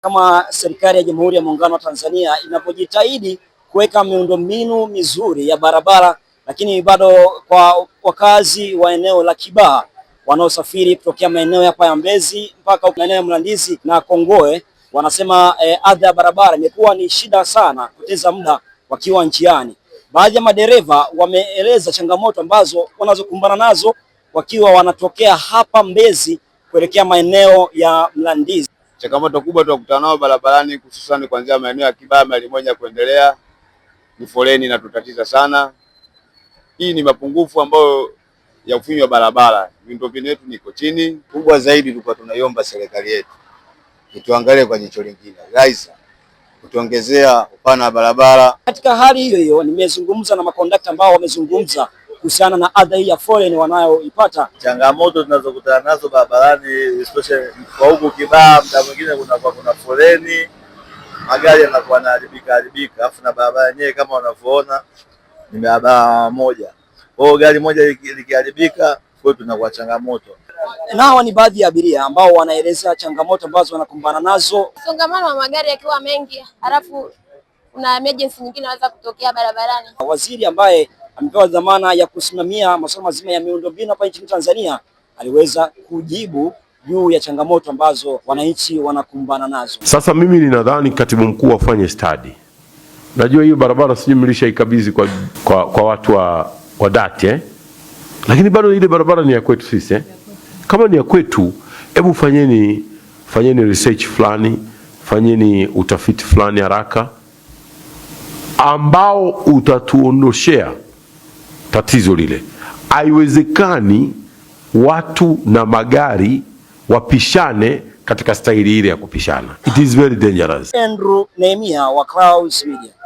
Kama serikali ya Jamhuri ya Muungano wa Tanzania inapojitahidi kuweka miundombinu mizuri ya barabara, lakini bado kwa wakazi wa eneo la Kibaha wanaosafiri kutokea maeneo hapa ya Mbezi mpaka maeneo ya Mlandizi na Kongoe wanasema eh, adha ya barabara imekuwa ni shida sana, kupoteza muda wakiwa njiani. Baadhi ya madereva wameeleza changamoto ambazo wanazokumbana nazo wakiwa wanatokea hapa Mbezi kuelekea maeneo ya Mlandizi. Changamoto kubwa tunakutana nayo barabarani, hususani kuanzia maeneo ya Kibaha Malimonya kuendelea, ni foleni inatutatiza sana. Hii ni mapungufu ambayo ya ufinyu wa barabara, miundombinu yetu niko chini. Kubwa zaidi tulikuwa tunaiomba serikali yetu ituangalie kwa jicho lingine, rais kutuongezea upana wa barabara. Katika hali hiyo hiyo, nimezungumza na makondakta ambao wamezungumza kuhusiana na adha hii ya foleni wanayoipata. Changamoto tunazokutana nazo barabarani, especially kwa huku Kibaha, muda mwingine kunakuwa kuna foleni, magari yanakuwa yanaharibika haribika, afu na barabara yenyewe kama wanavyoona ni barabara moja, kwa hiyo gari moja likiharibika kwetu tunakuwa changamoto na hawa ni baadhi ya abiria ambao wanaeleza changamoto ambazo wanakumbana nazo. Msongamano wa magari yakiwa mengi, halafu kuna emergency nyingine inaweza kutokea barabarani. Waziri ambaye amepewa dhamana ya kusimamia masuala mazima ya miundombinu hapa nchini Tanzania, aliweza kujibu juu ya changamoto ambazo wananchi wanakumbana nazo. Sasa mimi ninadhani katibu mkuu afanye stadi. Najua hiyo barabara sijui mlishaikabidhi kwa, kwa, kwa watu wa, wa eh? Lakini bado ile barabara ni ya kwetu sisi eh? Kama ni ya kwetu, hebu fanyeni fanyeni research fulani, fanyeni utafiti fulani haraka ambao utatuondoshea tatizo lile. Haiwezekani watu na magari wapishane katika staili ile ya kupishana. It is very dangerous. Andrew Nehemia wa Clouds Media.